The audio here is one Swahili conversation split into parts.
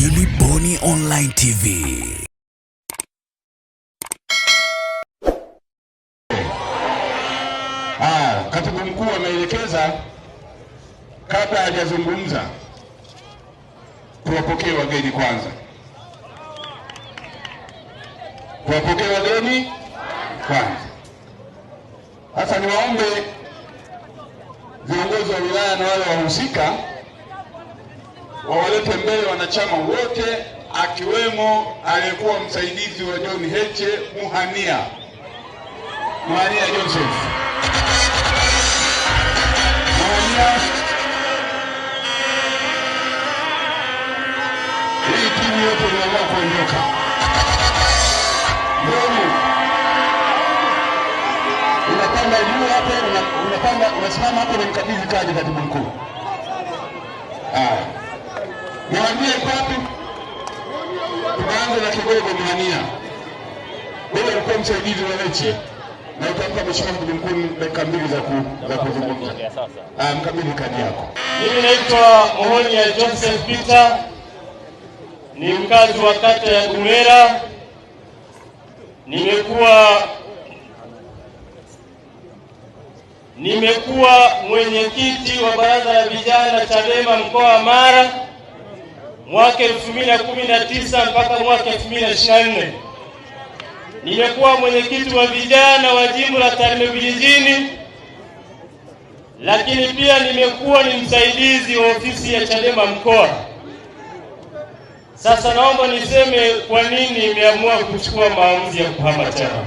Gilly Bonny Online TV. Ah, katibu mkuu ameelekeza kabla hajazungumza kuwapokea wageni kwanza, kuwapokea wageni kwanza. Sasa niwaombe viongozi wa wilaya na wale wahusika wawalete mbele wanachama wote akiwemo aliyekuwa msaidizi wa John Heche Muhania, Muhania Joseph. Muhania, hii timu yote imeamua kuondoka. Ndugu, unapanda juu hapo, unasimama hapo, mkabidhi kaji katibu mkuu mwanamia kwapi? Tunaanza na Kigogo mwanamia. Wewe ulikuwa msaidizi wa Heche na utampa mheshimiwa mkuu mkuu dakika mbili za ku za kuzungumza. Ah, mkabidhi kadi yako. Mimi naitwa Mohonia Joseph Peter, ni mkazi wa kata ya Gumera. Nimekuwa nimekuwa mwenyekiti wa baraza la vijana Chadema mkoa wa Mara mwaka 2019 mpaka mwaka 2024. Nimekuwa mwenyekiti wa vijana wa jimbo la Tarime vijijini, lakini pia nimekuwa ni msaidizi wa ofisi ya Chadema mkoa. Sasa naomba niseme kwa nini nimeamua kuchukua maamuzi ya kuhama chama.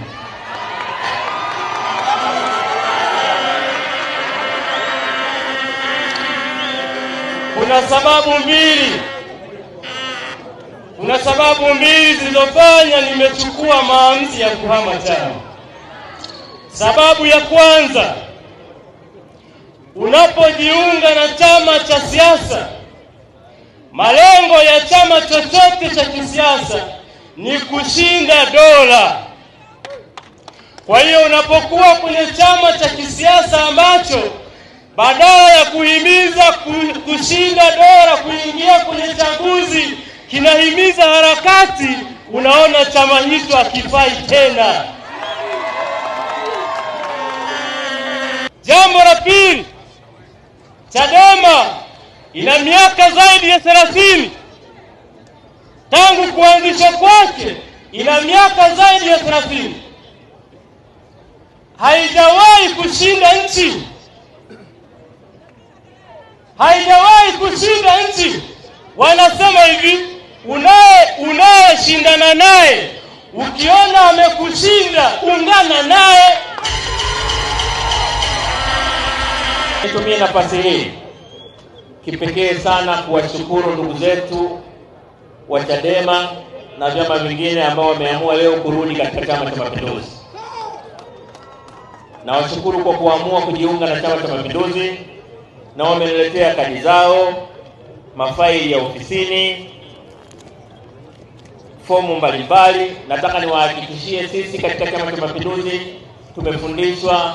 Kuna sababu mbili. Kuna sababu mbili zilizofanya nimechukua maamuzi ya kuhama chama. Sababu ya kwanza, unapojiunga na chama cha siasa, malengo ya chama chochote cha kisiasa ni kushinda dola. Kwa hiyo unapokuwa kwenye chama cha kisiasa ambacho badala ya kuhimiza kushinda dola, kuingia kwenye chaguzi kinahimiza harakati, unaona chama hicho hakifai tena. Jambo la pili, Chadema ina miaka zaidi ya thelathini tangu kuanzishwa kwake, ina miaka zaidi ya thelathini haijawahi kushinda nchi, haijawahi kushinda nchi. Wanasema hivi unayeshindana naye, ukiona amekushinda ungana naye. Nitumie nafasi hii kipekee sana kuwashukuru ndugu zetu wa Chadema na vyama vingine ambao wameamua leo kurudi katika Chama cha Mapinduzi. Nawashukuru kwa kuamua kujiunga na Chama cha Mapinduzi na wameniletea kadi zao, mafaili ya ofisini fomu mbalimbali. Nataka niwahakikishie sisi katika Chama cha Mapinduzi tumefundishwa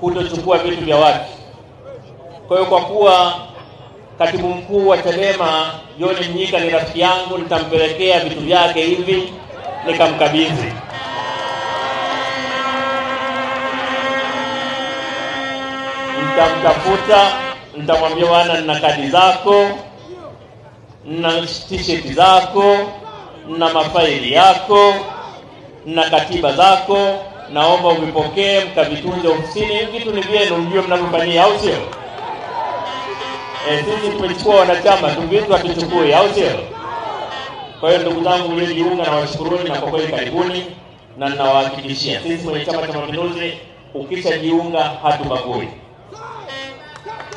kutochukua vitu vya watu. Kwa hiyo kwa kuwa katibu mkuu wa Chadema John Mnyika ni rafiki yangu, nitampelekea vitu vyake hivi nikamkabidhi. Nitamtafuta, nitamwambia bwana, nina kadi zako, nina t-shirt zako na mafaili yako na katiba zako, naomba uvipokee mkavitunze ofisini. Vitu ni vyenu, mjue mnavyofanyia, au sio? E, sisi tumechukua wanachama, tungitu hatuchukui, au sio? Kwa hiyo ndugu zangu mliojiunga, na washukuruni na kwa kweli karibuni, na ninawahakikishia sisi kwenye Chama cha Mapinduzi ukishajiunga hatubagui.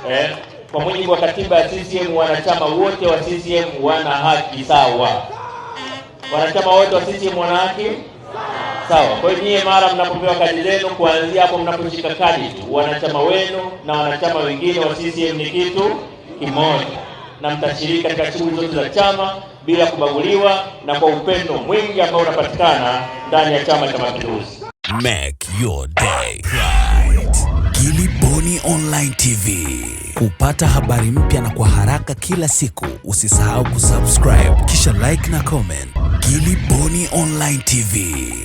Eh, kwa mujibu wa katiba ya CCM wanachama wote wa CCM wana haki sawa wanachama wote wa CCM wanawake sawa. Kwa hiyo nyie, mara mnapopewa kadi zenu, kuanzia hapo mnaposhika kadi tu, wanachama wenu na wanachama wengine wa CCM ni kitu kimoja, na mtashiriki katika shughuli zote za chama bila kubaguliwa na kwa upendo mwingi ambao unapatikana ndani ya Chama cha Mapinduzi. Make your day bright. Gilly Bonny Online TV. Kupata habari mpya na kwa haraka kila siku, usisahau kusubscribe kisha like na comment. Gilly Bonny Online TV.